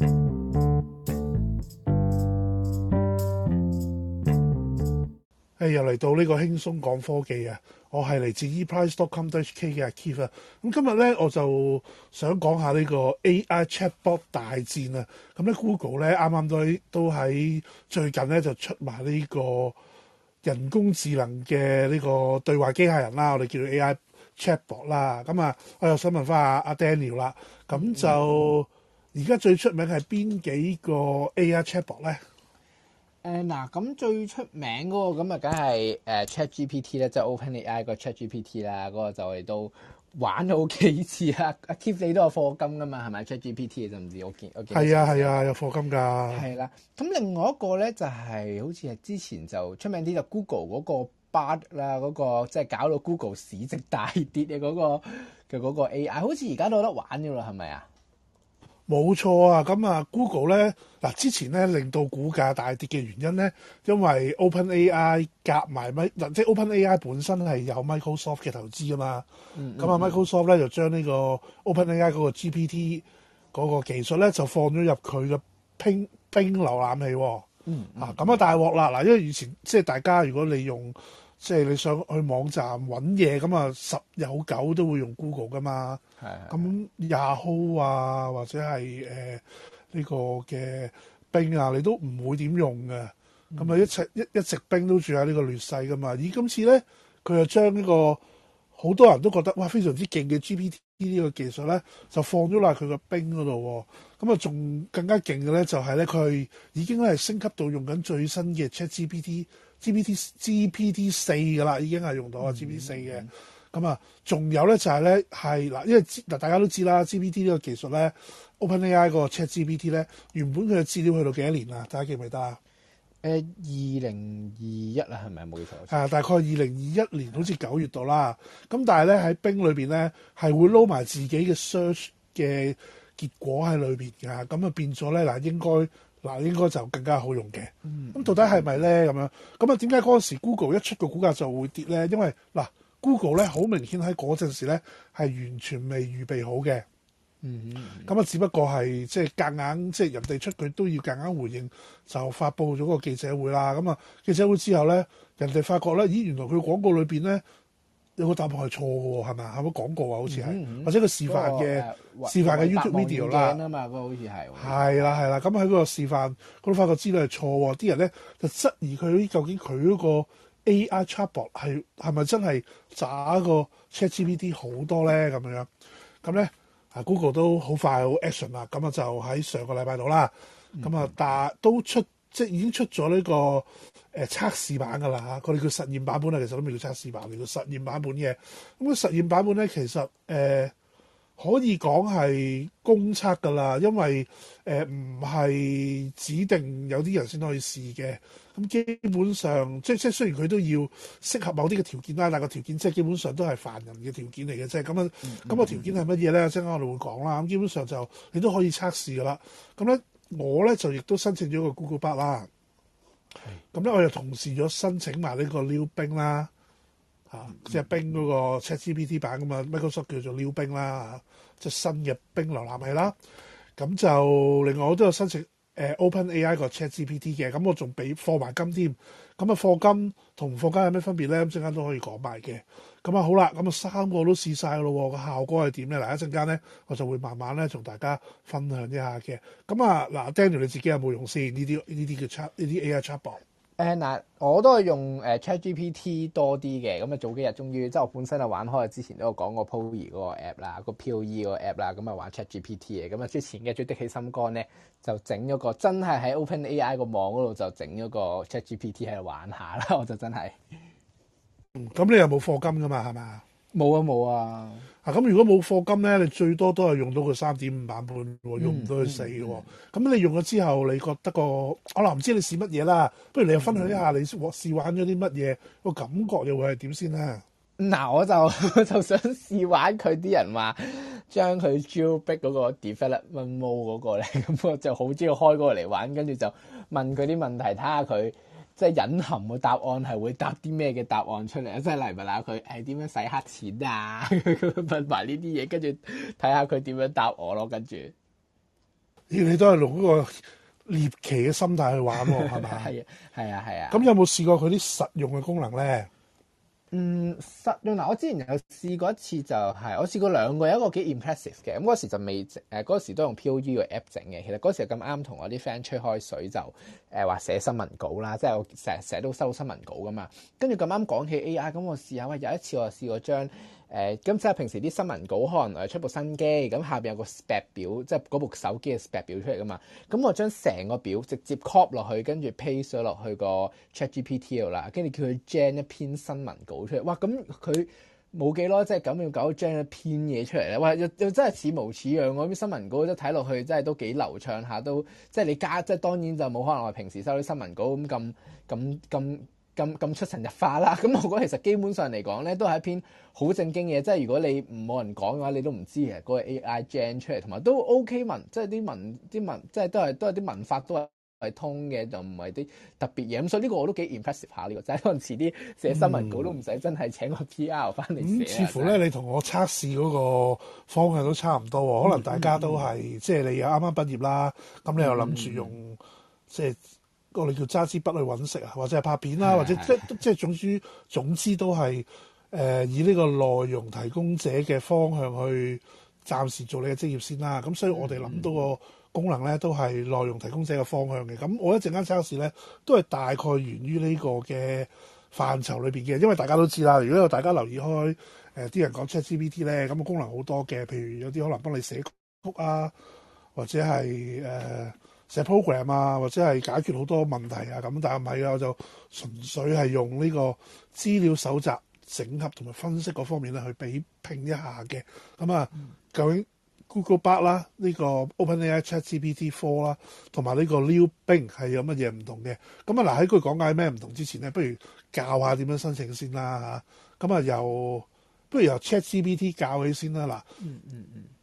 誒，hey, 又嚟到呢個輕鬆講科技啊！我係嚟自 eprice.com.hk 嘅阿 Keith 啊，咁今日咧我就想講下呢個 AI chatbot 大戰啊！咁咧 Google 咧啱啱都都喺最近咧就出埋呢個人工智能嘅呢個對話機械人啦、啊，我哋叫做 AI chatbot 啦、啊。咁啊，我又想問翻阿阿 Daniel 啦，咁就。Mm hmm. 而家最出名係邊幾個 A.I. chatbot 咧？誒嗱、呃，咁最出名嗰個咁啊，梗係誒 ChatGPT 咧，即 OpenAI 個 ChatGPT 啦，嗰個就嚟到玩咗好幾次啦。阿 Keep 你都有課金噶嘛，係咪？ChatGPT 就唔知我見我係啊係啊，有課金㗎。係啦、啊，咁另外一個咧就係、是、好似係之前就出名啲就是、Google 嗰個 bard 啦，嗰個即係搞到 Google 市值大跌嘅嗰、那個嘅嗰、那個 A.I.，好似而家都有得玩嘅啦，係咪啊？冇錯啊，咁啊 Google 咧嗱，之前咧令到股價大跌嘅原因咧，因為 OpenAI 夾埋咪嗱，即係 OpenAI 本身係有 Microsoft 嘅投資啊嘛，咁啊、嗯、Microsoft 咧、嗯、就將呢個 OpenAI 嗰個 GPT 嗰個技術咧就放咗入佢嘅 Bing Bing 瀏覽器、哦，嗯嗯、啊咁啊大鑊啦嗱，因為以前即係大家如果你用即係你想去網站揾嘢咁啊，十有九都會用 Google 噶嘛。咁 Yahoo 啊，或者係誒呢個嘅冰啊，你都唔會點用嘅。咁啊、嗯，一直一一冰都住喺呢個劣勢噶嘛。而今次咧，佢就將呢個好多人都覺得哇非常之勁嘅 GPT 呢個技術咧，就放咗落佢個冰嗰度。咁啊，仲更加勁嘅咧就係咧，佢已經咧係升級到用緊最新嘅 ChatGPT。GPT GPT 四嘅啦，已經係用到啊 GPT 四嘅。咁啊，仲、嗯嗯、有咧就係咧係嗱，因為嗱大家都知啦，GPT 呢個技術咧，OpenAI 個 ChatGPT 咧，原本佢嘅資料去到幾多年啊？大家記唔記得啊？誒、呃，二零二一啦，係咪冇記錯啊？的大概二零二一年好似九月度啦。咁、嗯、但係咧喺 Bing 裏邊咧係會撈埋自己嘅 search 嘅結果喺裏邊㗎。咁啊變咗咧嗱，應該。嗱，應該就更加好用嘅。咁到底係咪呢？咁樣咁啊？點解嗰陣時 Google 一出個股價就會跌呢？因為嗱，Google 咧好明顯喺嗰陣時呢係完全未預備好嘅。嗯，嗯，嗯，咁啊，只不過係即係夾硬，即係人哋出佢都要夾硬回應，就發布咗個記者會啦。咁啊，記者會之後呢，人哋發覺呢，咦，原來佢廣告裏面呢。有個答案係錯喎，係咪？有冇講過啊？好似係，嗯嗯，或者個示範嘅示範嘅 YouTube video 啦，嘛，好似係，係啦係啦。咁喺嗰個示範，佢都發覺資料係錯喎，啲人咧就質疑佢究竟佢嗰個 AI chatbot 係係咪真係渣個 chat GPT 好多咧，咁樣樣咁咧、啊、Google 都好快好 action 啦，咁啊就喺上個禮拜度啦，咁啊、嗯、但都出。即係已經出咗呢、這個誒、呃、測試版㗎啦吓，佢哋叫實驗版本啊，其實都未叫測試版，叫實驗版本嘅。咁、嗯、個實驗版本咧，其實誒、呃、可以講係公測㗎啦，因為誒唔係指定有啲人先可以試嘅。咁、嗯、基本上，即即雖然佢都要適合某啲嘅條件啦，但係個條件即係基本上都係凡人嘅條件嚟嘅，即咁咁個條件係乜嘢咧？即我哋會講啦。咁、嗯、基本上就你都可以測試㗎啦。咁、嗯、咧。我咧就亦都申請咗個 Google Bard 啦，咁咧是我又同時咗申請埋呢個 New Bing 啦，即係冰嗰個 Chat GPT 版㗎嘛，Microsoft 叫做 New Bing 啦，即、就是、係新嘅冰瀏覽器啦。咁就另外我都有申請、呃、Open AI 個 Chat GPT 嘅，咁我仲俾貨埋金添。咁啊課金同課金有咩分別咧？即刻都可以講埋嘅。咁啊好啦，咁啊三個都試曬咯，個效果係點咧？嗱一陣間咧，我就會慢慢咧同大家分享一下嘅。咁啊嗱，Daniel 你自己有冇用先？呢啲呢啲叫 Chat，呢啲 AI Chatbox。嗱、啊，我都係用誒 ChatGPT 多啲嘅。咁啊早幾日終於，即係我本身啊玩開，之前都有講過 PoE 嗰個 app 啦、e，個 PoE 嗰個 app 啦，咁啊玩 ChatGPT 嘅。咁啊之前嘅最的起心肝咧，就整咗個真係喺 OpenAI 個網嗰度就整咗個 ChatGPT 喺度玩下啦，我就真係。咁、嗯、你又冇課金噶嘛，係嘛？冇啊，冇啊。啊，咁如果冇課金咧，你最多都係用到佢三點五版本，用唔到佢四嘅。咁、嗯嗯嗯、你用咗之後，你覺得個我諗，唔、哦、知你試乜嘢啦？不如你又分享一下你試，你試玩咗啲乜嘢，個感覺又會係點先咧？嗱、嗯，我就我就想試玩佢啲人話，將佢 jailbreak 嗰個 development mode 嗰個咧，咁我就好中意開嗰個嚟玩，跟住就問佢啲問題，睇下佢。即係隱含嘅答案係會答啲咩嘅答案出嚟啊！即係例如問下佢係點樣洗黑錢啊，問埋呢啲嘢，跟住睇下佢點樣答我咯。跟住，你都係用一個獵奇嘅心態去玩喎，係咪？係 啊，係啊，係啊。咁有冇試過佢啲實用嘅功能咧？嗯，實用嗱，原來我之前有試過一次就係、是，我試過兩個，一個幾 impressive 嘅，咁、嗯、嗰時就未整，時、呃、嗰時都用 POU 嘅 app 整嘅，其實嗰時咁啱同我啲 friend 吹開水就誒話、呃、寫新聞稿啦，即係我成日寫都收新聞稿噶嘛，跟住咁啱講起 AI，咁我試下喂，有一次我試過將。誒咁、呃、即係平時啲新聞稿，可能我出部新機，咁下面有個 spec 表，即係嗰部手機嘅 spec 表出嚟㗎嘛。咁我將成個表直接 copy 落去，跟住 paste 咗落去個 ChatGPT 度啦，跟住叫佢 generate 一篇新聞稿出嚟。哇！咁佢冇幾耐，即係咁要搞 generate 一篇嘢出嚟咧。哇！又又真係似模似樣喎啲新聞稿，即係睇落去真係都幾流暢下，都即係你加，即係當然就冇可能話平時收啲新聞稿咁咁咁。咁咁出神入化啦，咁我覺得其實基本上嚟講咧，都係一篇好正經嘢。即係如果你冇人講嘅話，你都唔知嘅嗰個 AI Gen 出嚟，同埋都 OK 文，即係啲文啲文，即係都係都係啲文法都係通嘅，就唔係啲特別嘢。咁所以呢個我都幾 impressive 下呢個，即係可能遲啲寫新聞稿都唔使真係請個 PR 翻嚟寫。咁似乎咧，的你同我測試嗰個方向都差唔多喎。可能大家都係、嗯嗯、即係你，你又啱啱畢業啦，咁你又諗住用即係。我哋叫揸支筆去揾食啊，或者係拍片啦，是是是或者即即總之總之都係誒、呃、以呢個內容提供者嘅方向去暫時做你嘅職業先啦。咁所以我哋諗到個功能咧，都係內容提供者嘅方向嘅。咁我一陣間測試咧，都係大概源於呢個嘅範疇裏面嘅。因為大家都知啦，如果有大家留意開誒啲、呃、人講 ChatGPT 咧，咁功能好多嘅，譬如有啲可能幫你寫曲啊，或者係誒。呃寫 program 啊，或者係解決好多問題啊，咁但係唔係嘅，我就純粹係用呢個資料搜集、整合同埋分析嗰方面咧去比拼一下嘅。咁、嗯、啊，究竟 Google Bard 啦，呢個 OpenAI Chat GPT Four 啦，同埋呢個 New Bing 係有乜嘢唔同嘅？咁、嗯、啊，嗱喺佢講解咩唔同之前咧，不如教下點樣申請先啦嚇。咁啊，由不如由 Chat GPT 教起先啦嗱。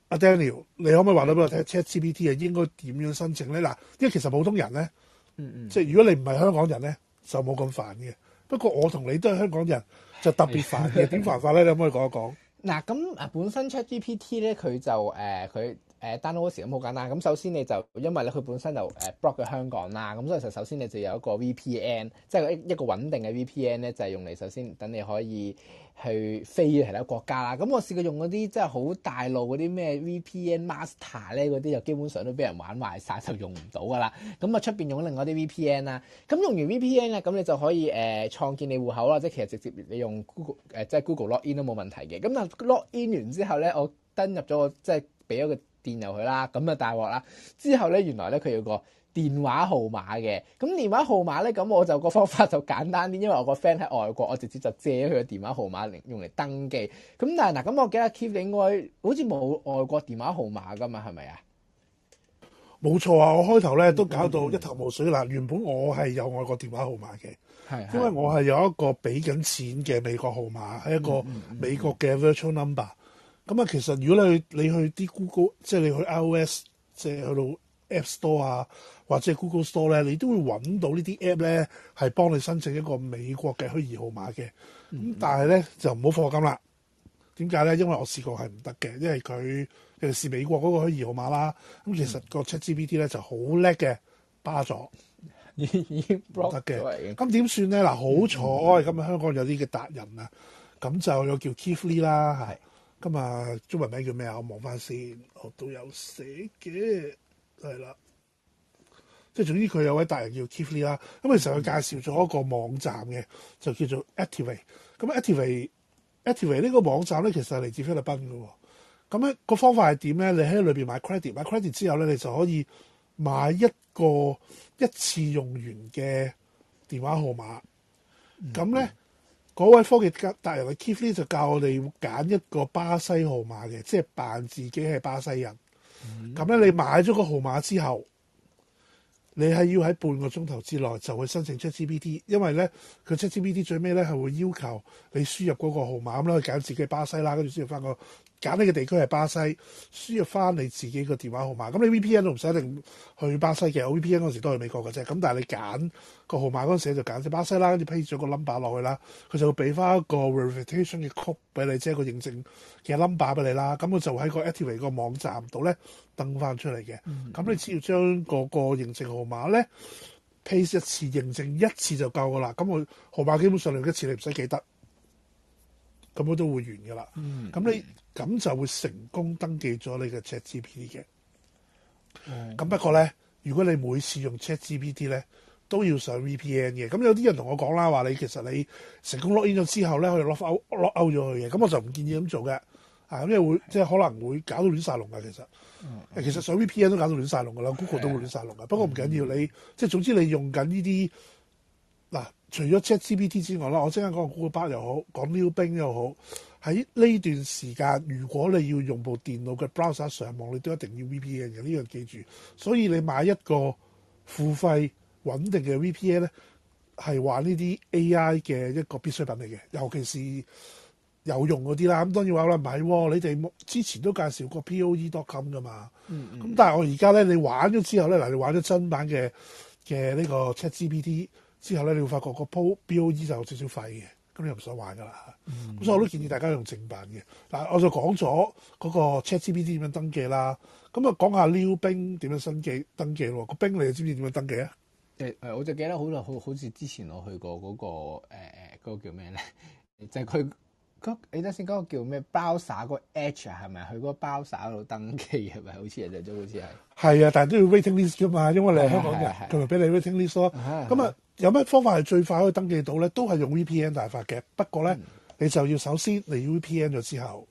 阿 Daniel，你可唔可以話得俾我聽，ChatGPT 啊應該點樣申請咧？嗱，因為其實普通人咧，嗯嗯、mm，即、hmm. 係如果你唔係香港人咧，就冇咁煩嘅。不過我同你都係香港人，就特別煩嘅。點 煩法咧？你可唔可以講一講？嗱，咁啊，本身 ChatGPT 咧，佢就誒佢。呃誒 download 嗰時咁好簡單咁，首先你就因為咧佢本身就誒 block 咗香港啦，咁所以就首先你就有一個 VPN，即係一一個穩定嘅 VPN 咧，就係用嚟首先等你可以去飛去其他國家啦。咁我試過用嗰啲即係好大路嗰啲咩 VPN Master 咧，嗰啲就基本上都俾人玩壞晒，就用唔到噶啦。咁啊出邊用另外啲 VPN 啦，咁用完 VPN 咧，咁你就可以誒創建你戶口咯，即係其實直接你用 Google 誒即係 Google Login 都冇問題嘅。咁但 Login 完之後咧，我登入咗我即係俾咗個。電郵佢啦，咁啊大鑊啦！之後咧，原來咧佢有個電話號碼嘅，咁電話號碼咧，咁我就個方法就簡單啲，因為我個 friend 喺外國，我直接就借佢嘅電話號碼嚟用嚟登記。咁但係嗱，咁我記得 Keep 你應該好似冇外國電話號碼噶嘛，係咪啊？冇錯啊！我開頭咧都搞到一頭霧水啦。原本我係有外國電話號碼嘅，係，因為我係有一個俾緊錢嘅美國號碼，係、嗯、一個美國嘅 virtual number。咁啊，其實如果你去 ogle，你去啲 Google，即係你去 iOS，即係去到 App Store 啊，或者 Google Store 咧，你都會揾到呢啲 app 咧，係幫你申請一個美國嘅虛擬號碼嘅。咁但係咧就唔好放金啦。點解咧？因為我試過係唔得嘅，因為佢尤其是試美國嗰個虛擬號碼啦。咁其實個 ChatGPT 咧就好叻嘅，巴咗已 已經唔得嘅。咁點算咧？嗱，好彩咁啊，香港有啲嘅達人啊，咁就有叫 Kifly 啦，係。今日中文名叫咩啊？我望翻先，我都有寫嘅。係啦，即係總之佢有位大人叫 k e l i 啦。咁其實佢介紹咗一個網站嘅，就叫做 Activate。咁 Activate，Activate 呢 Act 個網站咧其實係嚟自菲律賓㗎喎。咁、那、咧個方法係點咧？你喺裏面買 credit，買 credit 之後咧，你就可以買一個一次用完嘅電話號碼。咁咧。嗯嗯嗰位科技大人嘅 k i p l e 就教我哋揀一個巴西號碼嘅，即係扮自己係巴西人。咁咧、mm，hmm。你買咗個號碼之後，你係要喺半個鐘頭之內就會申請 ChatGPT，因為咧佢 ChatGPT 最尾咧係會要求你輸入嗰個號碼咁啦，揀自己巴西啦，跟住輸入翻個。揀呢個地區係巴西，輸入翻你自己個電話號碼。咁你 VPN 都唔使一定去巴西嘅，我 VPN 嗰時都係美國嘅啫。咁但係你揀個號碼嗰陣時就揀隻巴西啦，跟住 paste 咗個 number 落去啦，佢就會俾翻一個 verification 嘅 code 俾你，即係個認證嘅 number 俾你啦。咁我就喺個 Activate 個網站度咧登翻出嚟嘅。咁、嗯、你只要將個個認證號碼咧 paste 一次，認證一次就夠噶啦。咁我號碼基本上嚟一次你唔使記得。咁佢都會完㗎啦。咁、嗯、你咁就會成功登記咗你嘅 ChatGPT 嘅。咁、嗯、不過咧，如果你每次用 ChatGPT 咧都要上 VPN 嘅，咁有啲人同我講啦，話你其實你成功 login 咗之後咧，可以 lock out lock out 咗佢嘅。咁我就唔建議咁做嘅，啊，因為會是即係可能會搞到亂晒龍㗎。其實，嗯、其實上 VPN 都搞到亂晒龍㗎啦，Google 都會亂晒龍㗎。的不過唔緊要，嗯、你即係總之你用緊呢啲嗱。啊除咗 chat GPT 之外啦，我即刻講 Google 巴又好，講 Bing 又好，喺呢段時間，如果你要用部電腦嘅 browser 上網，你都一定要 VPN 嘅，呢、這、樣、個、記住。所以你買一個付費穩定嘅 VPN 咧，係玩呢啲 AI 嘅一個必需品嚟嘅，尤其是有用嗰啲啦。咁當然話啦，唔買喎，你哋之前都介紹過 POE c o m 噶嘛。咁、嗯嗯、但係我而家咧，你玩咗之後咧，嗱你玩咗新版嘅嘅呢個 chat GPT。之後咧，你會發覺個 Poe 就有少少廢嘅，咁你又唔想玩噶啦。咁、嗯、所以我都建議大家用正版嘅。嗱、嗯，我就講咗嗰個 ChatGPT 點樣登記啦。咁啊，講下 New Bing 點樣新記登記喎？個 Bing 你知唔知點樣登記啊？誒、那、誒、個那個嗯，我就記得好耐，好好似之前我去過嗰、那個誒誒嗰個叫咩咧？就係、是、佢。你得先講個叫咩包耍，個 Edge 係咪去嗰個包耍度登記係咪？好似人哋都好似係。係啊，但係都要 waiting list 㗎嘛，因為你係香港人，佢咪俾你 waiting list 咯。咁啊，是是，有乜方法係最快可以登記到咧？都係用 VPN 大法嘅。不過咧，嗯、你就要首先你 VPN 咗之後，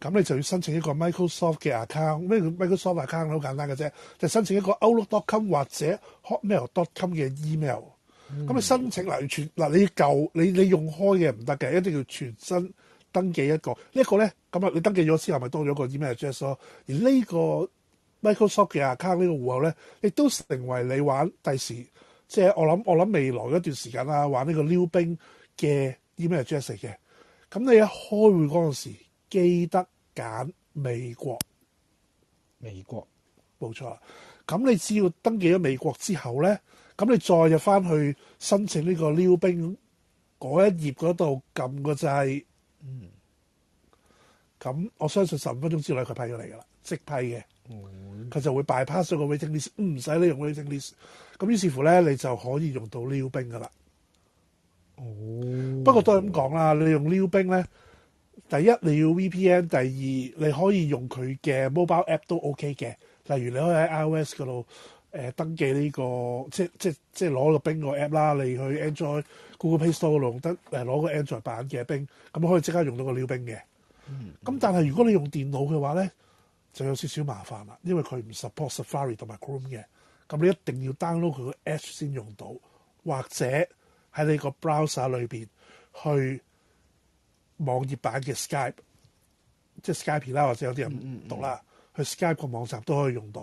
咁你就要申請一個 Microsoft 嘅 account。咩 Microsoft account 好簡單嘅啫，就是、申請一個 Outlook.com 或者 Hotmail.com 嘅 email。咁、嗯、你申請嗱要全嗱你舊你你用開嘅唔得嘅，一定要全新登記一個。這個、呢一個咧咁啊，你登記咗之後，咪多咗個 Email address 咯。而呢個 Microsoft 嘅 account 呢個戶口咧，亦都成為你玩第時，即係我諗我諗未來一段時間啊，玩呢個溜冰嘅 Email address 嚟嘅。咁你一開會嗰陣時，記得揀美國，美國冇錯。咁你只要登記咗美國之後咧。咁你再入翻去申請呢個溜冰嗰一頁嗰度撳個掣，咁我相信十五分鐘之內佢批咗你噶啦，即批嘅，佢就會 bypass 咗個 waiting list，唔使你用，用 waiting list。咁於是乎咧，你就可以用到溜冰噶啦。哦。Oh. 不過都係咁講啦，你用溜冰咧，第一你要 VPN，第二你可以用佢嘅 mobile app 都 OK 嘅，例如你可以喺 iOS 嗰度。誒、呃、登記呢、呢個即即即攞個冰個 app 啦，你去 Android Google Play Store 度得攞個 Android 版嘅冰，咁可以即刻用到個 new 冰嘅。咁、mm hmm. 嗯、但係如果你用電腦嘅話咧，就有少少麻煩啦，因為佢唔 support Safari 同埋 Chrome 嘅。咁你一定要 download 佢個 app 先用到，或者喺你個 browser 裏面去網頁版嘅 Skype，即 Skype 啦，或者有啲人唔讀啦，mm hmm. 去 Skype 個網站都可以用到。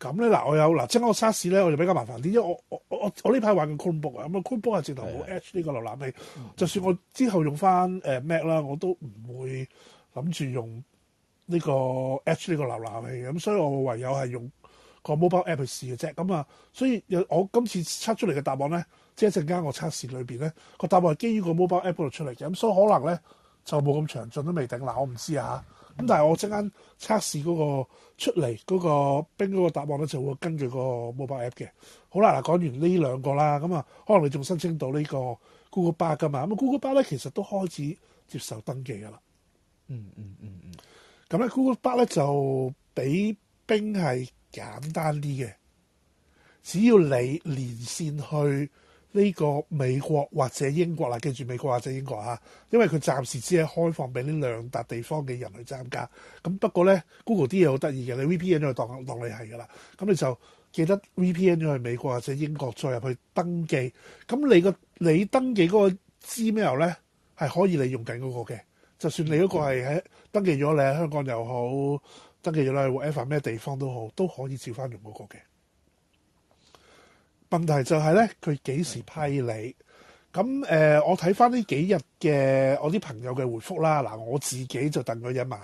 咁咧嗱，我有嗱，即係我測試呢，咧，我就比較麻煩啲，因為我我我我呢排玩緊 Chromebook 啊、嗯，咁啊 Chromebook 係直頭冇 Edge 呢個瀏覽器，的就算我之後用翻 Mac 啦，我都唔會諗住用呢個 Edge 呢個瀏覽器，咁所以我唯有係用個 mobile app 去試嘅啫，咁、嗯、啊，所以我今次測出嚟嘅答案咧，即係一陣間我測試裏面咧個答案係基於個 mobile app 度出嚟嘅，咁所以可能咧就冇咁詳盡都未定，嗱我唔知啊。咁、嗯、但係我陣間測試嗰個出嚟嗰、那個 Bing 嗰個答案咧，就會跟住個 mobile app 嘅。好啦，講完呢兩個啦，咁啊，可能你仲申請到呢個 Google Bard 㗎嘛？咁啊 Google Bard 咧其實都開始接受登記㗎喇、嗯。嗯嗯嗯嗯。咁、嗯、咧 Google Bard 咧就比 Bing 係簡單啲嘅，只要你連線去，呢個美國或者英國啦，記住美國或者英國嚇，因為佢暫時只係開放俾呢兩笪地方嘅人去參加。咁不過咧，Google 啲嘢好得意嘅，你 VPN 就當當你係㗎啦。咁你就記得 VPN 咗去美國或者英國再入去登記。咁你個你登記嗰個 Gmail 咧，係可以你用緊嗰個嘅。就算你嗰個係喺、嗯、登記咗你喺香港又好，登記咗你喺 whatever 咩地方都好，都可以照翻用嗰個嘅。問題就係呢佢幾時批你。咁、嗯、呃我睇返呢幾日嘅我啲朋友嘅回覆啦嗱我自己就等咗一晚。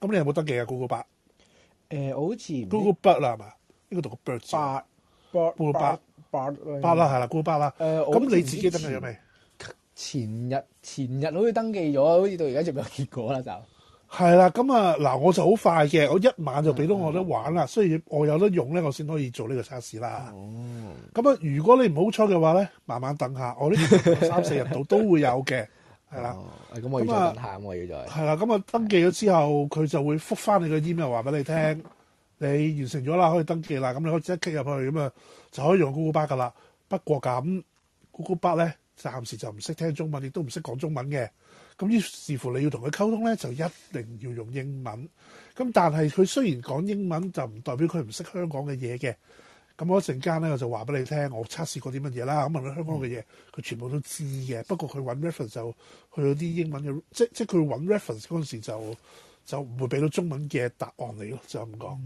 咁你有冇登記呀、啊呃、,Google Bard？i、這個、我好似。Google Bard 啦係咪呢個讀個 Bard。Bard、呃。Bard。Bard 啦係啦 ,Google Bard 咁你自己登記咗未？前日前日好似登記咗好似到而家仲未有結果啦就。係啦，咁啊嗱，我就好快嘅，我一晚就俾到我得玩啦，嗯嗯，所以我有得用咧，我先可以做呢個測試啦。哦、嗯，咁啊，如果你唔好彩嘅話咧，慢慢等下， 我呢三四日度 都會有嘅，係啦。咁我要再等下，我要再係啦。咁啊，登記咗之後，佢就會覆返你個 email 話俾你聽，嗯、你完成咗啦，可以登記啦。咁 你可以即刻 click 入去咁啊，就可以用 Google Bard 啦。不過咁，Google Bard 咧暫時就唔識聽中文，亦都唔識講中文嘅。咁於是乎你要同佢溝通咧，就一定要用英文。咁但係佢雖然講英文，就唔代表佢唔識香港嘅嘢嘅。我一陣間咧，我就話俾你聽，我測試過啲乜嘢啦。咁問佢香港嘅嘢，佢、嗯、全部都知嘅。不過佢揾 reference 就去到啲英文嘅，即即係佢揾 reference 嗰陣時就就唔會俾到中文嘅答案你咯，就咁講。咁、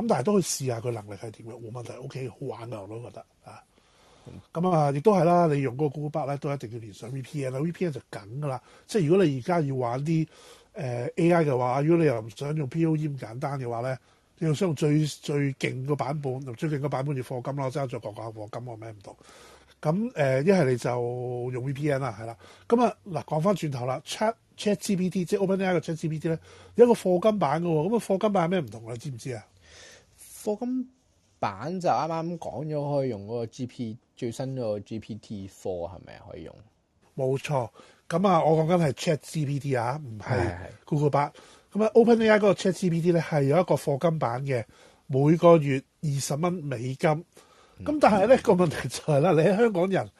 嗯、但係都可以試下佢能力係點樣，冇問題。OK，好玩㗎，我都覺得啊。咁啊，亦、嗯嗯、都係啦。你用嗰個 Google 筆咧，都一定要連上 VPN 啦。VPN 就緊㗎啦。即係如果你而家要玩啲誒、呃、AI 嘅話，如果你又唔想用 POE 咁簡單嘅話咧，你要想用最最勁個版本，最勁個版本要貨金啦。之後再講下貨金我咩唔同。咁誒，一、呃、係你就用 VPN 啦，係啦。咁啊嗱，講翻轉頭啦，Chat Chat GPT，即係 OpenAI 嘅 Chat GPT 咧，有一個貨金版嘅喎、哦。咁啊，貨金版係咩唔同你知唔知啊？貨金。版就啱啱講咗可以用嗰個 G P 最新嗰個 G P T Four 係咪啊？可以用，冇錯。咁啊，我講緊係 Chat G P T 啊，唔係，係係係，Google Bard。咁啊，Open AI 嗰個 Chat G P T 咧，係有一個課金版嘅，每個月二十蚊美金。咁但係咧、嗯、個問題就係、是、啦，你喺香港人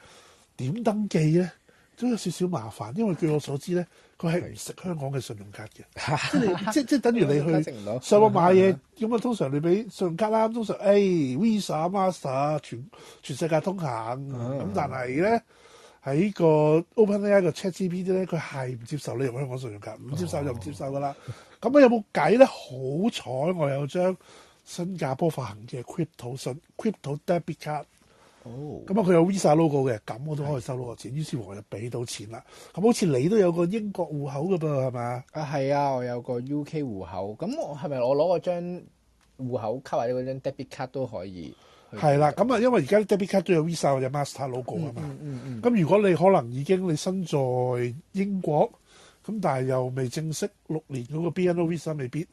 點登記咧，都有少少麻煩，因為據我所知咧。佢係唔食香港嘅信用卡嘅， 即係即等於你去上網買嘢，咁啊 通常你俾信用卡啦，通常誒、哎、Visa Master 全全世界通行，咁、嗯嗯、但係咧喺個 OpenAI 個、er、ChatGPT 咧，佢係唔接受你用香港信用卡，唔接受就唔接受噶啦。咁啊、哦嗯、有冇計咧？ 好彩我有張新加坡發行嘅 cryptocurrency debit 卡。咁啊，佢、哦、有 Visa logo 嘅，咁我都可以收到個錢。係嘅。於是我就俾到錢啦。咁好似你都有個英國戶口㗎噃，係嘛？啊，係啊，我有個 UK 戶口。咁、嗯、我係咪我攞個張戶口卡或者嗰張 debit 卡都可以？係啦。咁啊，因為而家 debit 卡都有 Visa 或者 Master logo 啊嘛。嗯嗯嗯。咁如果你可能已經你身在英國，咁但係又未正式六年嗰個 BNO Visa 未必、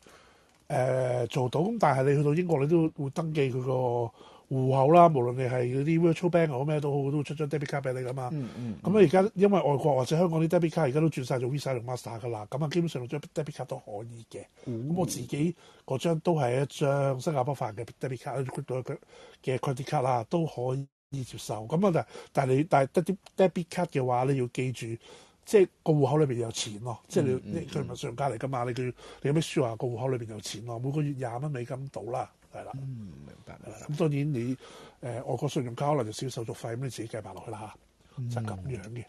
呃、做到。咁但係你去到英國，你都會登記佢個戶口啦，無論你係嗰啲 virtual bank 又好咩都好，都會出張 debit 卡俾你㗎嘛。咁咧而家因為外國或者香港啲 debit 卡而家都轉晒做 Visa 同 Master 嘅啦，咁啊基本上張 debit 卡都可以嘅。咁、嗯、我自己嗰張都係一張新加坡發嘅 debit 卡，credit 嘅 credit 卡啦，都可以接受。咁啊但係你但係得啲 debit 卡嘅話你要記住即係個戶口裏邊有錢咯，嗯嗯、即係你佢唔係上架嚟㗎嘛，你叫你有咩書話個戶口裏邊有錢咯，每個月廿蚊美金到啦。係啦，嗯，明白啦。咁的當然你誒外國信用卡可能就少手續費，咁你自己計埋落去啦吓，就咁樣嘅。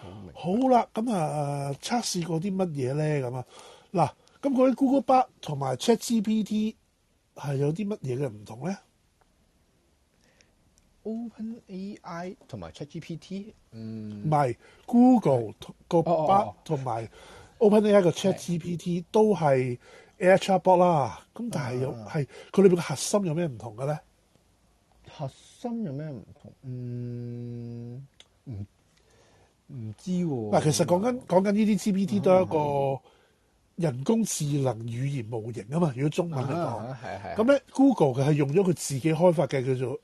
好，好啦，咁啊，測試過啲乜嘢咧？咁啊，嗱，咁嗰啲 Google Bard 同埋 ChatGPT 係有啲乜嘢嘅唔同咧？OpenAI 同埋 ChatGPT，嗯，唔係 Google 個 Bard 同埋、哦哦、OpenAI 個 ChatGPT 的都係。AI Chatbot 啦，咁但係有係佢裏面嘅核心有咩唔同嘅咧？核心有咩唔同？嗯，唔唔知喎、啊。嗱，其實講緊講緊呢啲 G. P. T.、啊、都係一個人工智能語言模型啊嘛。如果中文嚟講，咁咧 Google 佢係用咗佢自己開發嘅叫做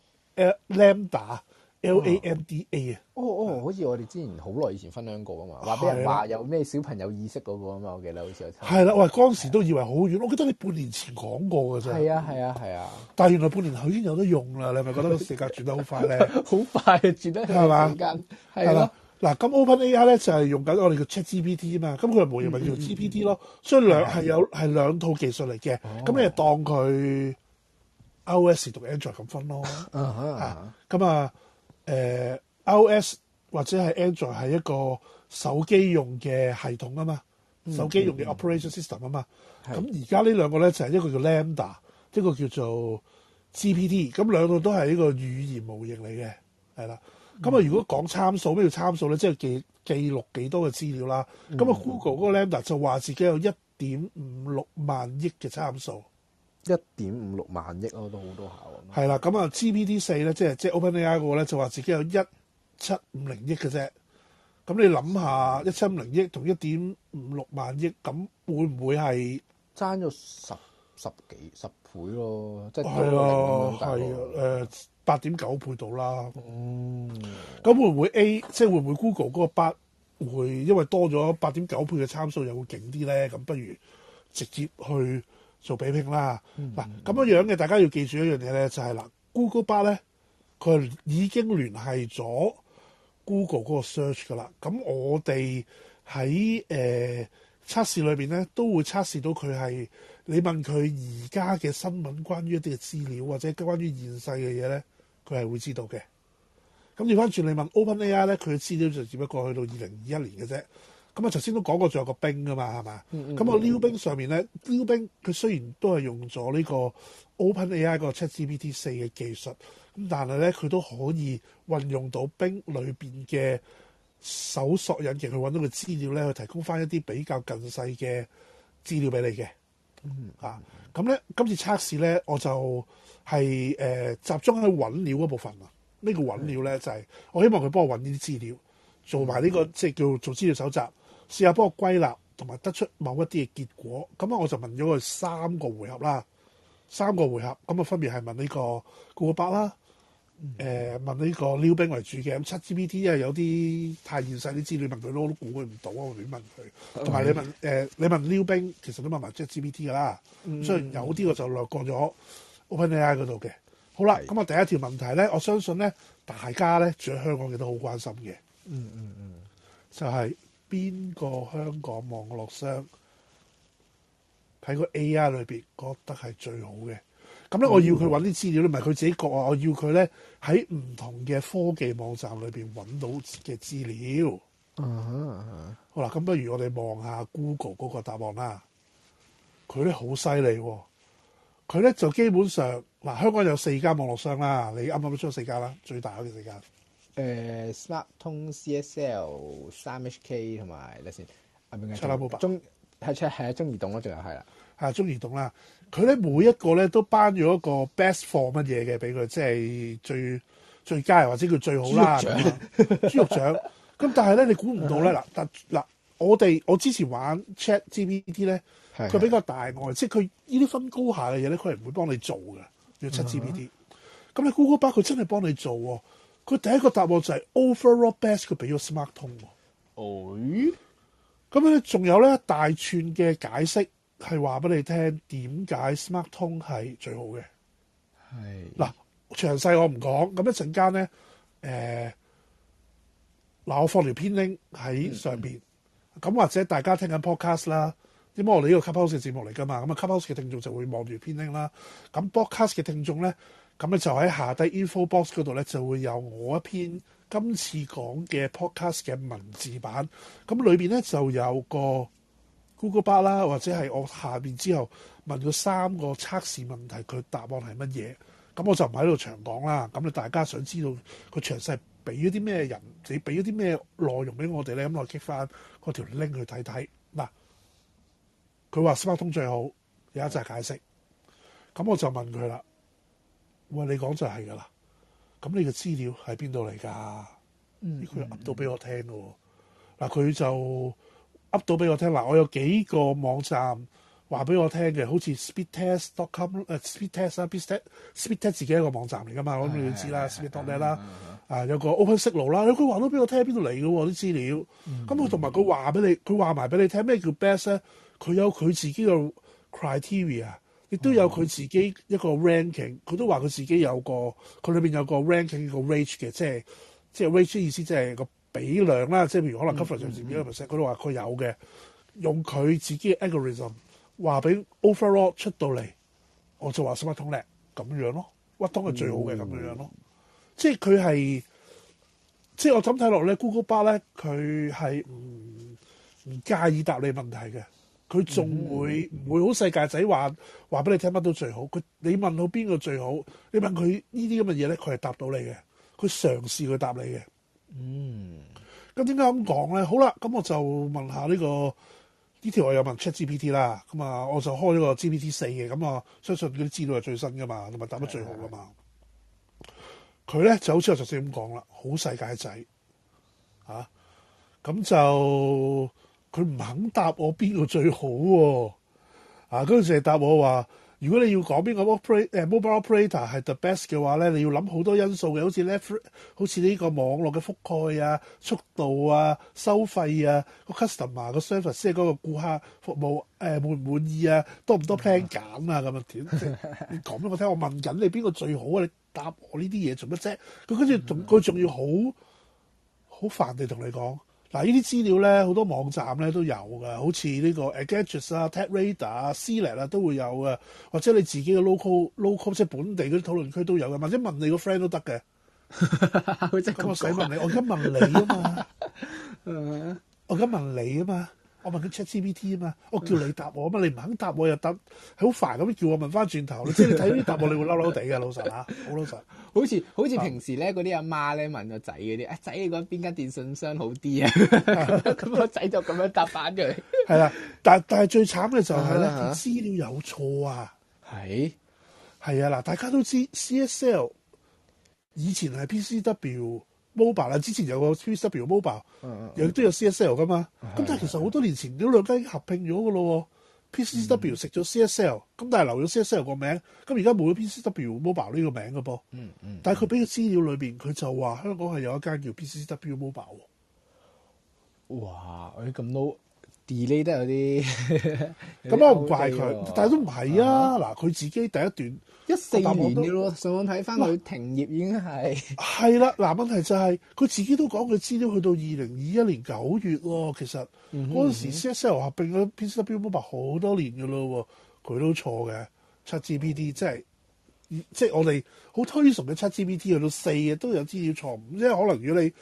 Lambda。LaMDA 啊，哦哦，好似我哋之前好耐以前分享過啊嘛，話俾人話有咩小朋友意識嗰個啊嘛，我記得好似有。係啦，我話當時都以為好遠，我記得你半年前講過嘅啫。係啊係啊係啊！但係原來半年後已經有得用啦，你係咪覺得時間轉得好快咧？好快啊，轉得係嘛？係咯，嗱，咁 OpenAI 咧就係用緊我哋嘅 ChatGPT 啊嘛，咁佢無形咪叫做 GPT 咯，所以兩係有係兩套技術嚟嘅，咁你當佢 iOS 同 Android 咁分咯，咁啊。誒 iOS、呃、或者係 Android 係一個手機用嘅系統啊嘛，嗯嗯、手機用嘅 operation system 啊嘛。咁而家呢兩個咧就係、是、一個叫 Lambda，一個叫做 GPT。咁兩個都係一個語言模型嚟嘅，係啦。咁啊，如果講參數咩、嗯、叫參數咧？即、就、係、是、記記錄幾多嘅資料啦。咁啊、嗯、Google 個 Lambda 就話自己有一點五六萬億嘅參數。一點五六萬億咯，都好多下。係啦，咁啊 GPT 四咧，即係即係 OpenAI 嗰、那個咧，就話自己有 1, 7, 5, 0, 000, 一七五零億嘅啫。咁你諗下，一七五零億同一點五六萬億，咁會唔會係爭咗十十幾十倍咯？即係係啊，係啊的，誒，八點九倍到啦。嗯，咁、哦、會唔會 A？即係會唔會 Google 嗰個八會？因為多咗八點九倍嘅參數又會勁啲咧？咁不如直接去。做比拼啦，嗱咁、嗯、樣樣嘅，大家要記住一樣嘢咧、就係，就係啦，Google Bard 咧，佢已經聯繫咗 Google 嗰個 search 噶啦，咁我哋喺誒測試裏面咧，都會測試到佢係你問佢而家嘅新聞，關於一啲資料或者關於現世嘅嘢咧，佢係會知道嘅。咁轉翻轉你問 OpenAI 咧，佢嘅資料就只不過去到二零二一年嘅啫。咁啊，頭先都講過仲有一個冰啊嘛，係嘛？咁啊溜冰上面咧，溜冰佢雖然都係用咗呢個 OpenAI 個 ChatGPT 四嘅技術，咁但係咧佢都可以運用到冰裏邊嘅搜索引擎去揾到個資料咧，去提供翻一啲比較近世嘅資料俾你嘅。嗯、mm。Hmm. 啊，咁咧今次測試咧，我就係、是、誒、呃、集中喺揾料嗰部分啊。呢個揾料咧？Mm hmm. 就係我希望佢幫我揾呢啲資料，做埋呢、這個、mm hmm. 即係叫做資料搜集。試下幫我歸納，同埋得出某一啲嘅結果咁啊！我就問咗佢三個回合啦，三個回合咁啊，分別係問呢個顧顧伯啦，誒、嗯呃、問呢個溜冰為主嘅咁。ChatGPT 因為有啲太現實啲資料問佢，我都估佢唔到啊，我亂問佢。同埋你問誒的、呃，你問溜冰其實都問埋即 ChatGPT 噶啦，嗯、雖然有啲我就略過咗 OpenAI 嗰度嘅。好啦，咁啊，第一條問題咧，我相信咧，大家咧住喺香港嘅都好關心嘅、嗯，嗯嗯嗯，就係、是。邊個香港網絡商喺個 A. I. 裏邊覺得係最好嘅？咁咧，我要佢揾啲資料，唔係佢自己覺啊！我要佢咧喺唔同嘅科技網站裏邊揾到嘅資料。Uh huh. 好啦，咁不如我哋望下 Google 嗰個答案啦。佢咧好犀利喎，佢咧就基本上。嗱，香港有四間網絡商啦。你啱啱都出咗四間啦，最大嗰四間。誒、嗯、SmarTone、C S L 三 H K 同埋，等先，阿邊間？中係，係係啊，中移動咯，仲有係啦，係啊，中移動啦。佢咧每一個咧都頒咗一個 best for 乜嘢嘅俾佢，即係、就是、最最佳又或者叫最好啦。豬肉獎，咁但係咧，你估唔到咧嗱，嗱我哋我之前玩 Chat G P T 咧，佢比較大愛，的即係佢呢啲分高下嘅嘢咧，佢係唔會幫你做㗎。要 Chat G P T，咁你 Google Bard 佢真係幫你做喎、哦。佢第一個答案就係 overall best，佢俾咗 Smart 通喎。哦，咁咧仲有咧一大串嘅解釋，係話俾你聽點解 Smart 通係最好嘅。係是。嗱，詳細我唔講。咁一陣間咧，誒，嗱，我放條 pin link 喺上面，咁的或者大家聽緊 podcast 啦，因為我哋呢個 Clubhouse 嘅節目嚟噶嘛，咁啊 Clubhouse 嘅聽眾就會望住 pin link 啦。咁 podcast 嘅聽眾咧。咁咧就喺下低 info box 嗰度咧就會有我一篇今次講嘅 podcast 嘅文字版。咁裏面咧就有個 Google Bard 啦，或者係我下面之後問咗三個測試問題，佢答案係乜嘢？咁我就唔喺度長講啦。咁你大家想知道佢詳細俾咗啲咩人？你俾咗啲咩內容俾我哋咧？咁我 click 返翻嗰條 link 去睇睇。嗱，佢話 Smart 通最好，有一隻解釋。咁我就問佢啦。喂，你講就係噶啦，咁你嘅資料喺邊度嚟㗎？嗯，佢噏到俾我聽喎。嗱、嗯，佢就噏到俾我聽。嗱，我有幾個網站話俾我聽嘅，好似 speedtest.com，呃、speedtest 啊，speedtestspeedtest 自己一個網站嚟㗎嘛。是我諗你要知啦，speedtest 啦，啊有個 open signal 啦。佢話到俾我聽，邊度嚟㗎喎啲資料？咁佢同埋佢話俾你，佢話埋俾你聽咩叫 best 咧？佢有佢自己嘅 criteria。亦都有佢自己一個 ranking，佢 Okay. 都話佢自己有個佢裏面有個 ranking 個 range 嘅，即係即係 range 意思即係個比量啦。即係譬如可能 cover 最少幾多 percent，佢都話佢有嘅。嗯、用佢自己嘅 algorithm 話俾 overall 出到嚟，我就話 smart 通叻咁樣咯，屈通係最好嘅咁、嗯、樣囉。咯。嗯、即係佢係即係我咁睇落咧，Google Bard 咧佢係唔唔介意答你問題嘅。佢仲會唔會好世界仔話話俾你聽乜都最好？佢你問到邊個最好？你問佢呢啲咁嘅嘢咧，佢係答到你嘅。佢嘗試佢答你嘅。嗯。咁點解咁講咧？好啦，咁我就問下呢、呢個呢條、呢個、我有問 ChatGPT 啦。咁啊，我就開咗個 GPT 四嘅。咁啊，相信啲資料係最新噶嘛，同埋答得最好噶嘛。佢咧就好似我就先咁講啦，好世界仔。咁、啊、就。佢唔肯答我邊個最好喎，啊，啊！佢嗰陣時答我話，如果你要講邊個 operator，mobile operator 係 the best 嘅話咧，你要諗好多因素嘅，好似好似，好似呢個網絡嘅覆蓋啊、速度啊、收費啊、個 customer 個 service 嗰個顧客服務誒滿唔滿意啊、多唔多 plan 揀啊咁啊點樣？ 你講俾我聽，我問緊你邊個最好啊！你答我呢啲嘢做乜啫？佢跟住佢仲要好好煩地同你講。嗱，資呢啲資料咧，好多網站咧，都有噶，好似呢個 Engadget 啊、TechRadar 啊、CNET 啊都會有嘅，或者你自己嘅 local local 即係本地嗰啲討論區都有嘅，或者問你個 friend 都得嘅。咁 我想問你， 我而家問你啊嘛， 我而家問你啊嘛。我問佢 ChatGPT 啊嘛，我叫你答我啊嘛，你唔肯答我又答，好煩咁叫我問翻轉頭。即係 你睇到啲答案，你會嬲嬲地嘅老實，老實媽媽啊，好老實。好似好似平時咧，嗰啲阿媽咧問個仔嗰啲，啊仔你覺得邊間電信商好啲啊？咁個仔就咁樣答翻佢。係 啦、啊，但但係最慘嘅就係咧，資料有錯啊。係係 是啊嗱，大家都知 C S L 以前係 P C W。mobile 啦，之前有個 PCCW mobile，亦都、嗯、有 CSL 噶嘛，咁、嗯、但係其實好多年前，呢兩間已經合併咗噶咯。PCCW 食咗 CSL，咁、嗯、但係留咗 CSL 個名，咁而家冇咗 PCCW mobile 呢個名噶噃。嗯、但係佢俾嘅資料裏面，佢就話香港係有一間叫 PCCW mobile 喎。哇，誒咁都 delay 都有啲，咁我唔怪佢，哦、但係都唔係啊。嗱、啊哈，佢自己第一段。一四年嘅咯，上網睇翻佢停業已經係係啦。嗱、啊，問題就係、是、佢自己都講佢資料去到二零二一年九月喎。其實嗰、嗯、哼陣時，CSL 合併咗 P C W Mobile 好多年嘅咯。佢都錯嘅，ChatGPT 即係即係我哋好推崇嘅 ChatGPT，去到四嘅都有資料錯誤，即係可能如果你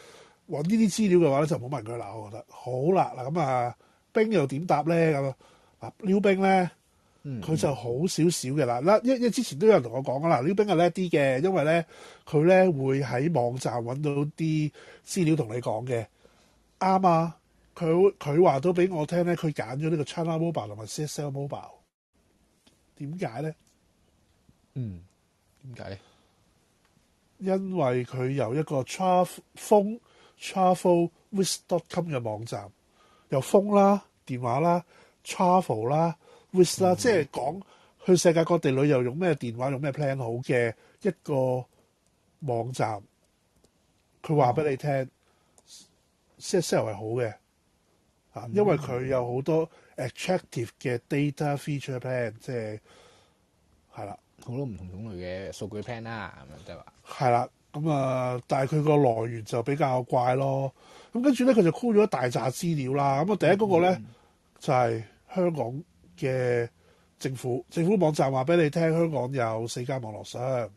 揾呢啲資料嘅話咧，就唔好問佢啦。我覺得好啦，嗱咁啊，Bard 又點答咧？咁啊，溜冰咧？佢、嗯、就好少少嘅啦。啦，因因之前都有人同我講啊啦，呢邊係叻啲嘅，因為咧佢咧會喺網站揾到啲資料同你講嘅。啱啊，佢佢話都俾我聽咧，佢揀咗呢個 China Mobile 同埋 CSL Mobile。點解咧？嗯，點解咧？因為佢有一個 travelwith.com 嘅網站，有 phone 啦、電話啦、travel 啦。啦，With 嗯、哼即係講去世界各地旅遊用咩電話，用咩 plan 好嘅一個網站。佢話俾你聽，即係 sell 係好嘅啊，因為佢有好多 attractive 嘅 data feature plan，即係係啦，好多唔同種類嘅數據 plan 啦。咁樣即係話係啦，咁啊，的的嗯、但係佢個來源就比較怪咯。咁跟住咧，佢就箍咗一大紮資料啦。咁啊，第一嗰、嗰個咧、嗯、哼就係香港。嘅政府政府網站話俾你聽，香港有四間網絡商，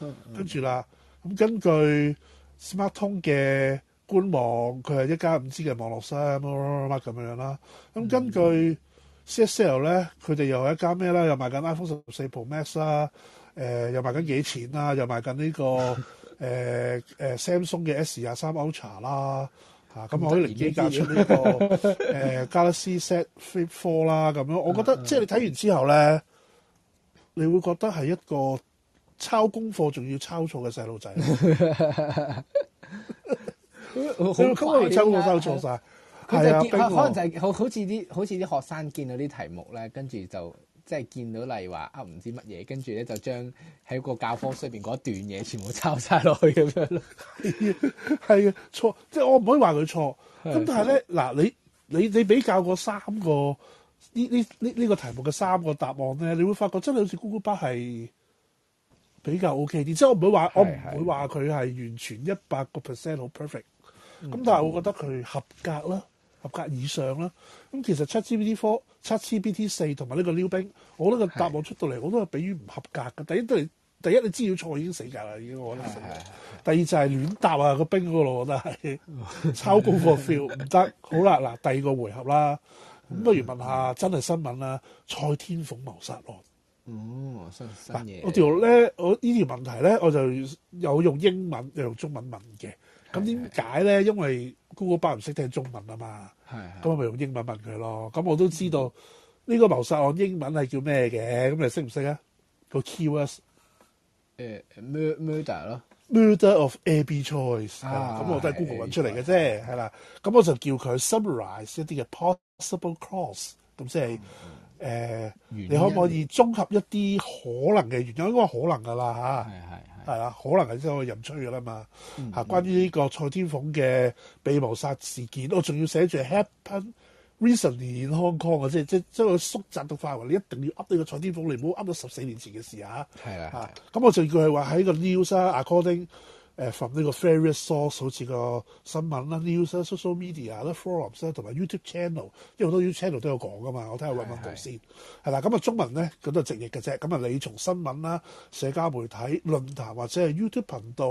嗯、跟住啦。咁根據 SmarTone 嘅官網，佢係一家 5G 嘅網絡商，乜乜乜咁樣樣啦。咁根據 CSL 咧，佢哋又係一間咩啦？又賣緊 iPhone 十四 Pro Max 啦，誒、呃、又賣緊幾錢啦？又賣緊、這、呢個誒誒 Samsung 嘅 S 廿三 Ultra 啦。咁我、啊、可以零出呢、呢個 Galaxy Z Flip 4啦咁樣，我覺得、嗯、即係你睇完之後咧，你會覺得係一個抄功課仲要抄錯嘅細路仔。 啊、你今日抄功課抄錯晒。佢就可能就係好的好似啲好似啲學生見到啲題目咧，跟住就，即係見到例如話啊唔知乜嘢，跟住咧就將喺個教科書入邊嗰一段嘢全部抄晒落去咁樣咯。係啊， 係啊，錯，即係我唔可以話佢錯。咁的但係咧，嗱的你你你比較過三個呢呢呢呢個題目嘅三個答案咧，你會發覺真係好似《咕咕巴》係比較 OK 啲。即係的我唔會話，我唔會話佢係完全一百個 percent 好 perfect。咁、嗯、但係我覺得佢合格啦。合格以上啦，咁其實 ChatGPT four、ChatGPT 四同埋呢個溜冰，我覺得個答案出到嚟，是我都係俾於唔合格嘅。第一，第一你資料錯我已經死㗎啦，已經我覺得。是是是是第二就係亂答啊，個兵嗰、嗰個，我覺得係抄 功課個 feel，唔得。好啦，嗱第二個回合啦，咁、嗯、不如問下真係新聞啦、啊，《蔡天鳳謀殺案》。嗯、哦，新嘢、啊。我條咧，我呢條問題咧，我就有用英文又用中文問嘅。咁點解咧？因為 GoogleBard 唔識聽中文啊嘛，咁我咪用英文問佢咯。咁我都知道呢個謀殺案英文係叫咩嚟嘅？咁你識唔識啊？個 keywords 誒 murder 咯，murder of Abby Choice。咁我都係 Google 揾出嚟嘅啫，係啦。咁我就叫佢 summarise 一啲嘅 possible cause，咁即係誒，你可唔可以綜合一啲可能嘅原因？應該可能㗎啦嚇。係係。係啦、啊，可能係真係我任吹嘅啦嘛。嚇、嗯嗯啊，關於呢個蔡天鳳嘅被謀殺事件，我仲要寫住 happen recently in Hong Kong 啊，即係即係將佢縮窄到範圍，你一定要噏呢個蔡天鳳，你唔好噏到十四年前嘅事嚇。係啦，嚇，咁我就叫佢話喺個 news 啊，according。according, 誒，from 呢個 various source 好似個新聞啦，啲 user social media 啦、forums 同埋 YouTube channel，因為好多 YouTube channel 都有講噶嘛，我睇下揾唔揾到先。係啦，咁啊中文咧，咁都係直譯嘅啫。咁啊，你從新聞啦、社交媒體、論壇或者係 YouTube 頻道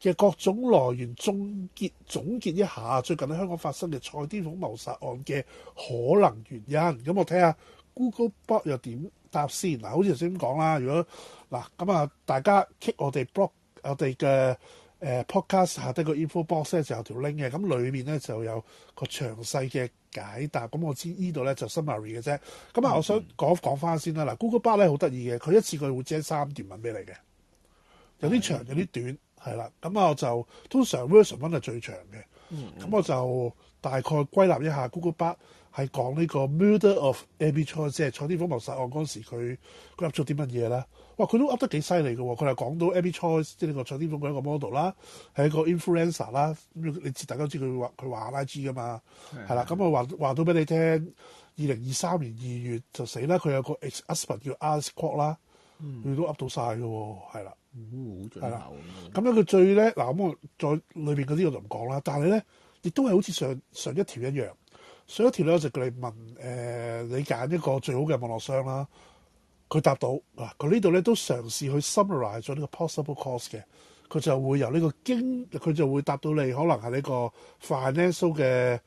嘅各種來源總結總結一下最近喺香港發生嘅蔡天鳳謀殺案嘅可能原因。咁我睇下 Google Bard 又點答先。嗱，好似頭先講啦，如果嗱咁啊，大家 kick 我哋 Block。我哋嘅誒 podcast 下低個 info box 咧就有一條 link 嘅，咁裏面咧就有個詳細嘅解答。咁我知呢度咧就是、summary 嘅啫。咁啊，我想講講返先啦。嗱，Google Bard 咧好得意嘅，佢一次佢會 share 三段文俾你嘅，有啲長有啲短，係啦。咁啊，我就通常 version one 係最長嘅。咁我就大概歸納一下 Google Bard 係講呢個 Murder of Abi，即係《彩虹謀殺案》的嗰時佢佢入咗啲乜嘢啦。哇！佢都噏得幾犀利嘅喎，佢係講到 Abby Choice，即係呢個唱天峰嗰一個 model 啦，係一個 influencer 啦。你知大家知佢話佢 IG 噶嘛，係啦。咁啊話到俾你聽，二零二三年二月就死啦。佢有個 expert 叫 Ask u a r 啦，佢、嗯、都噏到晒㗎喎，係啦。咁樣佢最咧嗱，咁我再裏面嗰啲我就唔講啦。但係咧，亦都係好似上上一條一樣。上一條咧我就叫你問、呃、你揀一個最好嘅網絡商啦。佢答到嗱，佢呢度咧都嘗試去 summarize 咗呢個 possible cause 嘅。佢就會由呢個經，佢就會答到你可能係呢個 financial 嘅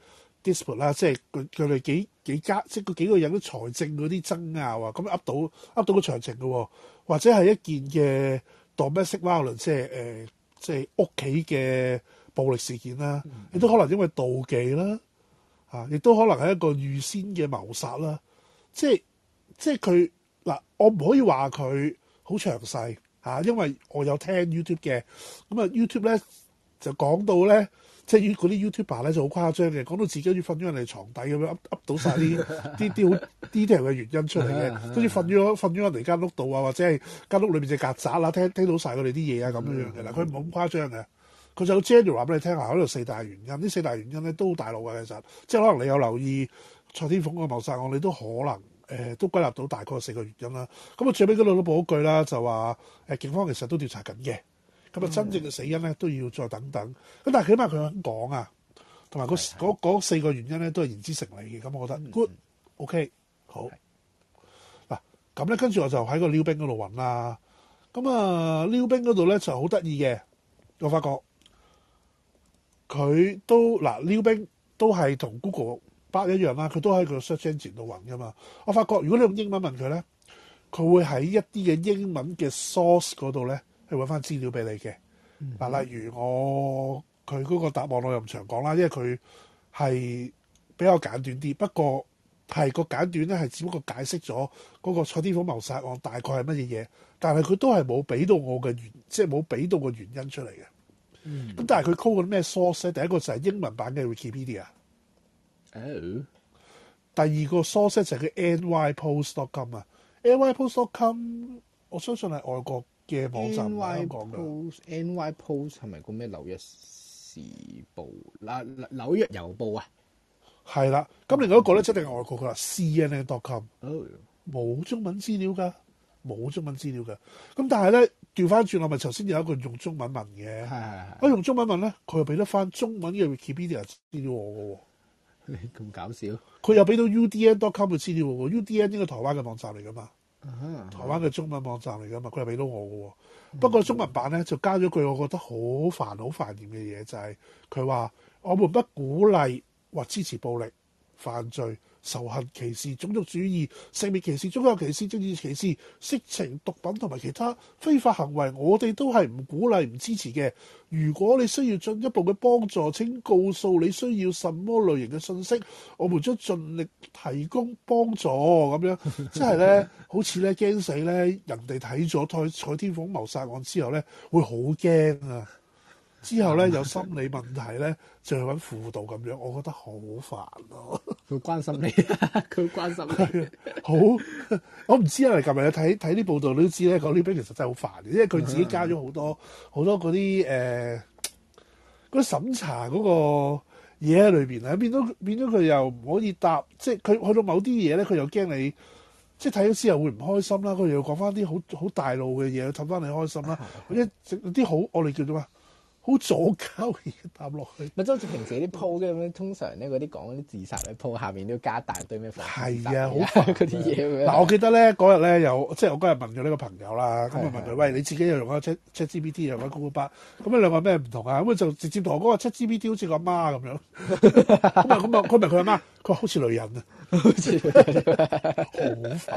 dispute 啦，即係佢佢哋幾幾家即係嗰幾個人嘅財政嗰啲爭拗啊，咁噏到噏到個詳情嘅、哦，或者係一件嘅 domestic violence，即係、呃、即係屋企嘅暴力事件啦。亦、嗯、都可能因為妒忌啦，啊，亦都可能係一個預先嘅謀殺啦，即係即係佢。嗱，我唔可以話佢好詳細、啊、因為我有聽 YouTube 嘅，咁啊 YouTube 咧就講到咧，即係嗰啲 YouTuber you 咧就好誇張嘅，講到自己好似瞓咗人哋床底咁樣噏到晒啲啲啲好 detail 嘅原因出嚟嘅，跟住瞓咗瞓咗人哋間屋度啊，或者係間屋裏面隻曱甴啦，聽聽到晒佢哋啲嘢啊咁樣嘅啦，佢冇咁誇張嘅，佢就 general 話俾你聽下，喺、啊、度四大原因，呢四大原因咧都好大路嘅其實，即係可能你有留意蔡天鳳嘅謀殺案，你都可能。誒都歸納到大概四個原因啦。咁啊最尾嗰度都補一句啦，就話警方其實都調查緊嘅。咁啊、嗯、真正嘅死因咧都要再等等。咁但係起碼佢肯講啊，同埋嗰嗰四個原因咧都係言之成理嘅。咁我覺得、嗯嗯、good，OK、okay，好。嗱咁咧跟住我就喺個溜冰嗰度揾啦。咁啊溜冰嗰度咧就好得意嘅，我發覺佢都嗱溜冰都係同 Google。不一樣啦、啊，佢都喺佢個 search engine 度揾噶嘛。我發覺如果你用英文問佢咧，佢會喺一啲嘅英文嘅 source 嗰度咧，去揾翻資料俾你嘅。嗱、嗯，例如我佢嗰個答案我又唔長講啦，因為佢係比較簡短啲。不過係個簡短咧係只不過解釋咗嗰個蔡天鳳謀殺案大概係乜嘢嘢，但係佢都係冇俾到我嘅原，即係冇俾到個原因出嚟嘅。咁、嗯、但係佢 call 個咩 source 咧？第一個就係英文版嘅 Wikipedia。Hello. 第二個 source 就係個 N.Y.Post.com 啊，N.Y.Post.com 我相信係外國嘅網站剛剛的。N.Y.Post 係咪個咩紐約時報？嗱，紐約郵報啊，係啦。咁另外一個咧，一定係外國噶啦，C.N.N.com 冇、oh. 中文資料噶，冇中文資料噶。咁但係咧，調翻轉我咪頭先有一個用中文問嘅，的我用中文問咧，佢又俾得翻中文嘅 Wikipedia 資料我噶。你咁搞笑！佢又俾到 UDN.com 嘅資料喎。UDN 呢個台灣嘅網站嚟噶嘛？Uh huh. 台灣嘅中文網站嚟噶嘛？佢又俾到我嘅喎。Uh huh. 不過中文版咧就加咗句，我覺得好煩、好煩厭嘅嘢，就係佢話我們不鼓勵或支持暴力、犯罪、仇恨、歧視、種族主義、性別歧視、宗教歧視、政治歧視、色情、毒品同埋其他非法行為，我哋都係唔鼓勵、唔支持嘅。如果你需要進一步嘅幫助，請告訴你需要什麼類型嘅信息，我們將盡力提供幫助。咁樣即係咧，好似咧驚死咧，人哋睇咗《蔡蔡天鳳謀殺案》之後咧，會好驚啊！之後咧 有心理問題咧，就去揾輔導咁樣，我覺得好煩咯、啊。佢 關心你，佢關心你。好，我唔知啊。琴日有睇睇啲報道，都知咧，講呢篇其實真係好煩嘅，因為佢自己加咗好多好多嗰啲誒嗰審查嗰個嘢喺裏面。啊，變咗變咗佢又唔可以答，即係佢去到某啲嘢咧，佢又驚你即係睇咗之後會唔開心啦。佢又要講翻啲好好大路嘅嘢氹翻你開心啦。一食啲好我哋叫做咩？好左溝而搭落去，咪即好似平時啲鋪嘅咁樣，通常咧嗰啲講嗰啲自殺嘅鋪下面都加大堆咩？係啊，好煩嗰啲嘢。嗱、 啊，我記得咧嗰日咧又即係我嗰日問咗呢個朋友啦，咁啊的問佢：喂，你自己又用咗 chat Chat GPT 又用咗 Google Bard？咁啊的兩個咩唔同啊？咁啊就直接同嗰個 Chat GPT 好似個阿媽咁樣，咁啊咁啊佢咪佢阿媽，佢好似女人啊。 好似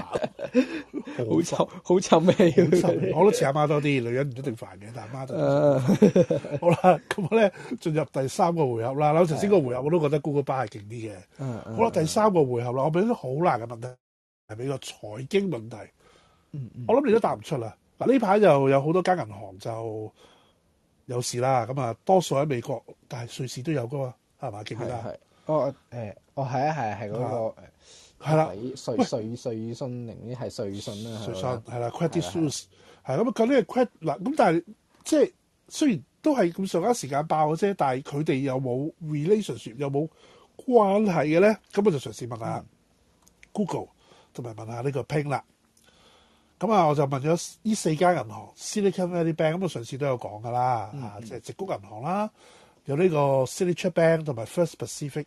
好煩，好臭， 好臭咩？我都似阿媽，媽多啲，女人唔一定煩嘅，但係阿媽就。Uh, 好啦，咁我咧進入第三個回合啦。嗱，頭先個回合我都覺得 Google 巴係勁啲嘅。Uh, uh, 好啦，第三個回合啦，我俾啲好難嘅問題，係俾個財經問題。嗯、uh, uh, 我諗你都答唔出啦。嗱，呢排就有好多間銀行就有事啦。咁啊，多數喺美國，但係瑞士都有噶嘛，係嘛，記，記得啦。係。哦，誒。哦，係啊、oh,，係啊，係嗰、那個係啦，瑞瑞瑞信呢係瑞信啦，瑞信？係啦，Credit Suisse 係咁啊，咁呢個 Credit 嗱咁但係即係雖然都係咁上一時間爆嘅啫，但係佢哋有冇 relationship 有冇關係嘅咧？咁我就嘗試問下 Google 同埋、嗯、問下呢個 Bing 啦。咁啊，我就問咗呢四間銀行 Silicon Valley Bank，咁我上次都有講噶啦，啊、嗯，即係矽谷銀行啦，有呢個 Silicon Bank 同埋 First Pacific。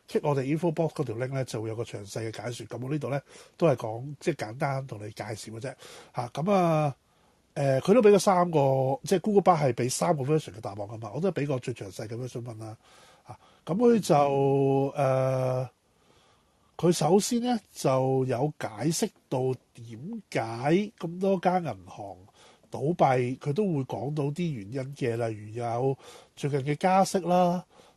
我哋 info box 嗰條 link 咧就會有個詳細嘅解説。咁我呢度咧都係講即係簡單同你介紹嘅啫。嚇咁啊，佢、啊呃、都俾咗三個，即係 Google Bard 係俾三個 version 嘅答案噶嘛。我都係俾個最詳細嘅 version 啦。嚇咁佢就誒，佢、呃、首先咧就有解釋到點解咁多間銀行倒閉，佢都會講到啲原因嘅，例如有最近嘅加息啦。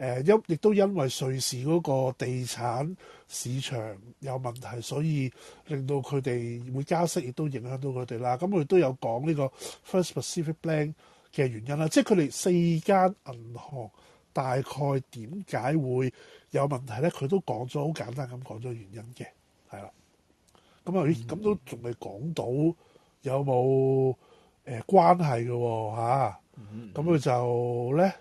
誒因亦都因為瑞士嗰個地產市場有問題，所以令到佢哋會加息亦都影響到佢哋啦。咁、嗯、佢都有講呢個 First Pacific Bank 嘅原因啦，即係佢哋四間銀行大概點解會有問題咧？佢都講咗，好簡單咁講咗原因嘅，係啦。咁、嗯嗯呃哦、啊，咁都仲未講到有冇誒關係嘅喎吓，咁佢就咧。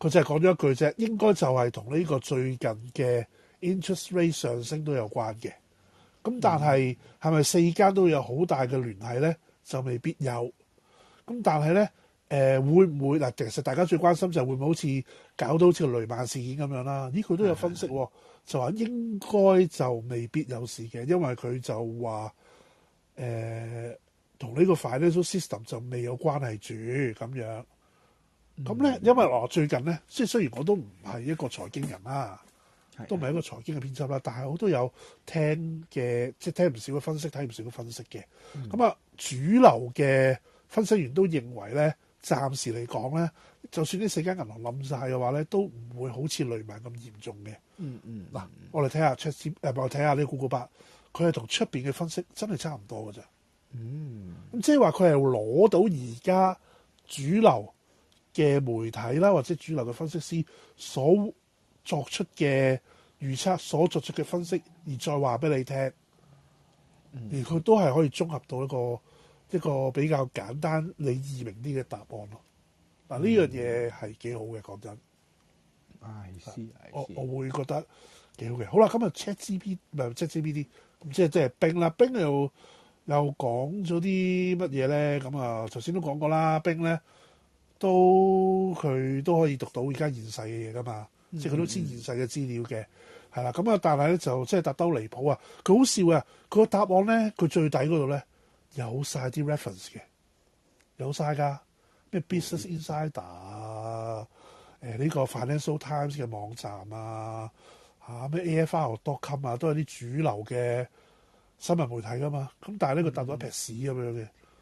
佢就係講咗一句啫，應該就係同呢個最近嘅 interest rate 上升都有關嘅。咁但係係咪四間都有好大嘅聯繫咧？就未必有。咁但係咧，誒、呃、會唔會嗱？其實大家最關心就係會唔會好似搞到好似雷曼事件咁樣啦、啊？呢個都有分析喎、啊，的就話應該就未必有事嘅，因為佢就話誒同呢個 financial system 就未有關係住咁樣。咁咧、嗯，因為我最近咧，雖雖然我都唔係一個財經人啦、啊，的都唔係一個財經嘅編輯啦，但係我都有聽嘅，即係聽唔少嘅分析，睇唔少嘅分析嘅。咁、嗯、啊，主流嘅分析員都認為咧，暫時嚟講咧，就算呢四間銀行冧晒嘅話咧，都唔會好似雷曼咁嚴重嘅、嗯。嗯嗯。嗱、呃，我哋睇下 ChatGPT，我睇下呢個 Google Bard，佢係同出面嘅分析真係差唔多㗎啫。嗯。咁即係話佢係攞到而家主流。嘅媒體啦，或者主流嘅分析師所作出嘅預測，所作出嘅分析，而再話俾你聽，嗯、而佢都係可以綜合到一個一個比較簡單、你易明啲嘅答案咯。嗱、啊，呢樣嘢係幾好嘅，講、嗯、真。係師，我我會覺得幾好嘅。好啦，咁啊，ChatGPT 唔係 chat G P D，咁即係即係冰啦。冰、就是、又又講咗啲乜嘢咧？咁啊，頭先都講過啦，冰咧。都佢都可以讀到而家現世嘅嘢噶嘛，嗯、即係佢都知現世嘅資料嘅，係啦。咁啊，但係咧就即係特兜離譜啊！佢好笑啊，佢個答案咧，佢最底嗰度咧有晒啲 reference 嘅，有晒㗎，咩 Business Insider，誒、啊、呢、嗯這個 Financial Times 嘅網站啊，嚇咩 AFR.com 啊，都係啲主流嘅新聞媒體㗎嘛。咁但係呢，佢答到一撇屎咁樣嘅。嗯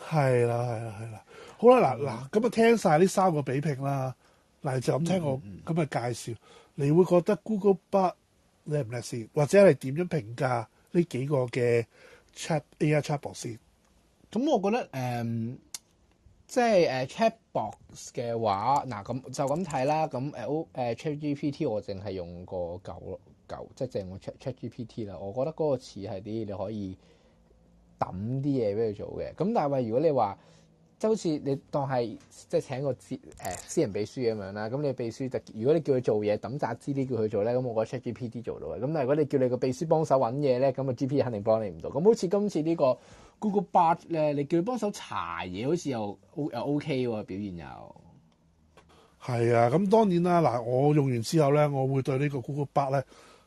係啦，係啦，係啦。好啦，嗱嗱、嗯，咁啊聽晒呢三個比拼啦。嗱，就咁聽我咁嘅介紹，嗯嗯、你會覺得 Google Bard 叻唔叻先？或者係點樣評價呢幾個嘅 ChatAI Chatbox 先，嗯？咁我覺得誒，即係誒、嗯就是 uh, Chatbox 嘅話，嗱咁就咁睇啦。咁誒 O、uh, ChatGPT 我淨係用過九九，即係淨用 Chat ChatGPT 啦。我覺得嗰個似係啲你可以。抌啲嘢俾佢做嘅，咁但係如果你話即好似你當係即係請個私私人秘書咁樣啦，咁你秘書就如果你叫佢做嘢抌扎資啲叫佢做咧，咁我覺得 ChatGPT 做到嘅。咁但係如果你叫你個秘書幫手揾嘢咧，咁啊 GPT 肯定幫你唔到。咁好似今次呢個 Google Bard 咧，你叫佢幫手查嘢，好似又 O 又 OK 喎，表現又係啊。咁、啊、當然啦，嗱我用完之後咧，我會對個呢個 Google Bard 咧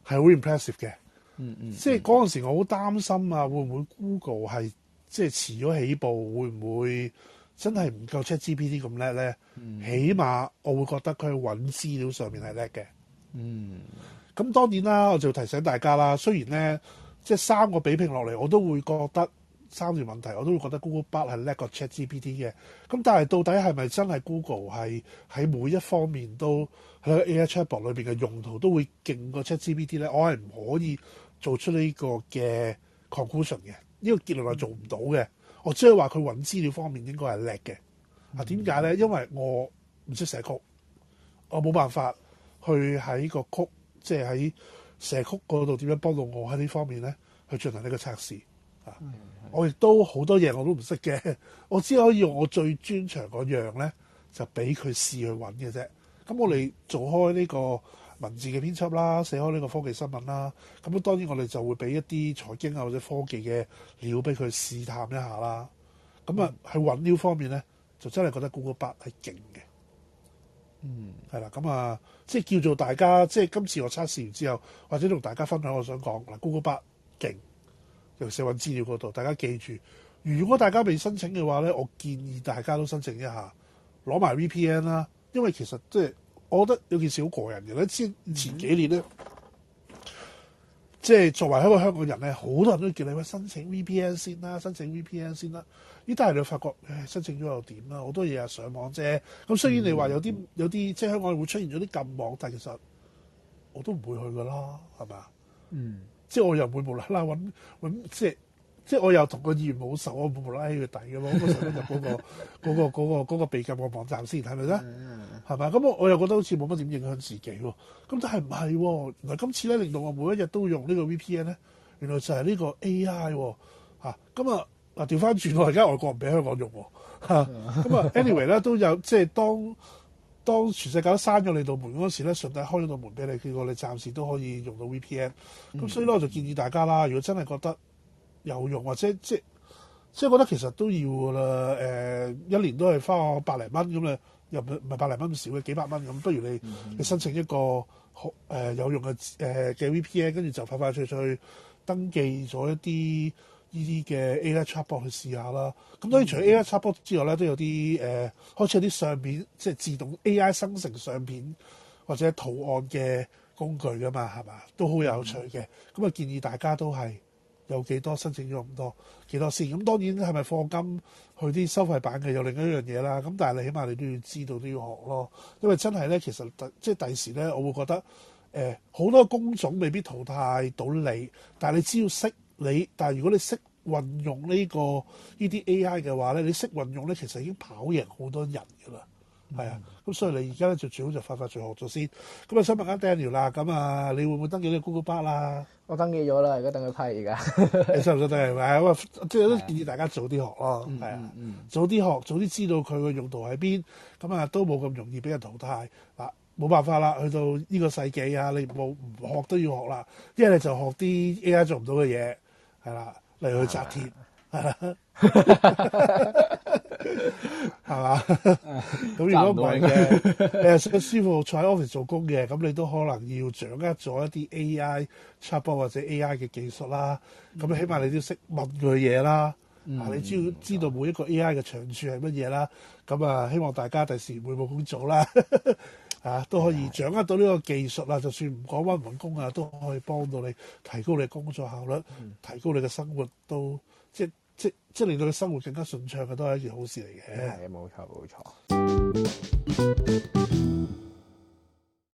係好 impressive 嘅。嗯，嗯即係嗰陣時我好擔心啊，會唔會 Google 係即係遲咗起步，會唔會真係唔夠 ChatGPT 咁叻咧？嗯，起碼我會覺得佢揾資料上面係叻嘅。嗯，咁當然啦，我就提醒大家啦。雖然咧，即係三個比拼落嚟，我都會覺得三條問題我都會覺得 Google Bard 係叻過 ChatGPT 嘅。咁但係到底係咪真係 Google 係喺每一方面都喺 AI chatbot 裏面嘅用途都會勁過 ChatGPT 咧？我係唔可以，做出呢個嘅 conclusion 嘅，呢個結論係做唔到嘅。我只係話佢揾資料方面應該係叻嘅。係啊，點解咧？因為我唔識寫曲，我冇辦法去喺個曲，即係喺寫曲嗰度點樣幫到我喺呢方面咧，去進行呢個測試啊。係啊，係啊，我亦都好多嘢我都唔識嘅，我只可以用我最專長嗰樣咧，就俾佢試去揾嘅啫。咁我哋做開呢個。文字嘅編輯啦，寫開呢個科技新聞啦，咁當然我哋就會俾一啲財經啊或者科技嘅料俾佢試探一下啦。咁啊喺揾料方面咧，就真係覺得 Google 八係勁嘅。嗯，係啦，咁啊即係叫做大家，即係今次我測試完之後，或者同大家分享，我想講嗱，Google 巴勁，用搜揾資料嗰度，大家記住，如果大家未申請嘅話咧，我建議大家都申請一下，攞埋 VPN 啦，因為其實即係。我覺得有件事好過人嘅咧，之前幾年咧，嗯、即係作為一個香港人咧，好多人都叫你去申請 VPN 先啦，申請 VPN 先啦。呢但係你發覺，唉，申請咗又點啦，好多嘢係上網啫。咁雖然你話有啲、嗯、有啲，即係香港會出現咗啲禁網，但係其實我都唔會去噶啦，係咪啊？嗯，即係我又唔會無啦啦揾即係。即係我又同個議員冇仇，我冇無拉佢底嘅囉，咁所以就嗰個嗰、 嗰個被、嗰個嗰個嗰個、禁嘅網站先係咪先？係嘛？咁 我又覺得好似冇乜點影響自己喎。咁但係唔係喎？原來今次咧令到我每一日都用呢個 VPN 咧，原來就係呢個 AI 喎、哦、咁啊嗱，調翻轉我而家外國人唔俾香港用喎咁啊，啊，啊 ，anyway 咧都有即係當當全世界都閂咗你道門嗰時咧，順帶開咗道門俾你，結果你暫時都可以用到 VPN。咁所以咧，我就建議大家啦，嗯、如果真係覺得，有用或者即即我覺得其實都要啦誒、呃、一年都係花我百零蚊咁啊又唔係百零蚊咁少嘅幾百蚊咁不如你你申請一個好誒、呃、有用嘅誒嘅 VPN 跟住就快快脆脆登記咗一啲呢啲嘅 AI 插播去試下啦咁當然除咗 AI 插播之外咧都有啲誒開始有啲相片即係自動 AI 生成相片或者圖案嘅工具噶嘛係嘛都好有趣嘅咁啊建議大家都係。有幾多申請咗咁多幾多先？咁當然係咪課金去啲收費版嘅有另一樣嘢啦？咁但係你起碼你都要知道，都要學咯。因為真係咧，其實即係第時咧，我會覺得誒好、欸、多工種未必淘汰到你，但係你只要識你，但係如果你，識運、這個、這你識運用呢個呢啲 AI 嘅話咧，你識運用咧，其實已經跑贏好多人㗎啦。係、mm hmm. 啊，咁所以你而家咧就最好就快快就學咗先。咁啊，想問下 Daniel 啦，咁啊，你會唔會登記啲 Google Bard 啦、啊？我登記咗啦，而家等佢批而家。你受唔受得係咪咁啊？即係都建議大家早啲學咯、啊，啊，早啲學，早啲知道佢嘅用途喺邊，咁啊都冇咁容易俾人淘汰啊，冇辦法啦，去到呢個世紀啊，你冇唔學都要學啦。一係你就學啲 AI 做唔到嘅嘢，係啦、啊，例如去紮鐵。係嘛？咁如果唔係嘅，你係做師傅坐喺 office 做工嘅，咁你都可能要掌握咗一啲 AI chatbot 或者 AI 嘅技術啦。咁起碼你都識問佢嘢啦、mm hmm. 啊。你知、mm hmm. 知道每一個 AI 嘅長處係乜嘢啦？咁啊，希望大家第時回冇咁做啦， 啊都可以掌握到呢個技術啦。Mm hmm. 就算唔講溫文工啊，都可以幫到你提高你嘅工作效率，mm hmm. 提高你嘅生活都。即。即即令到佢生活更加順暢嘅，都係一件好事嚟嘅。係，冇錯，冇錯。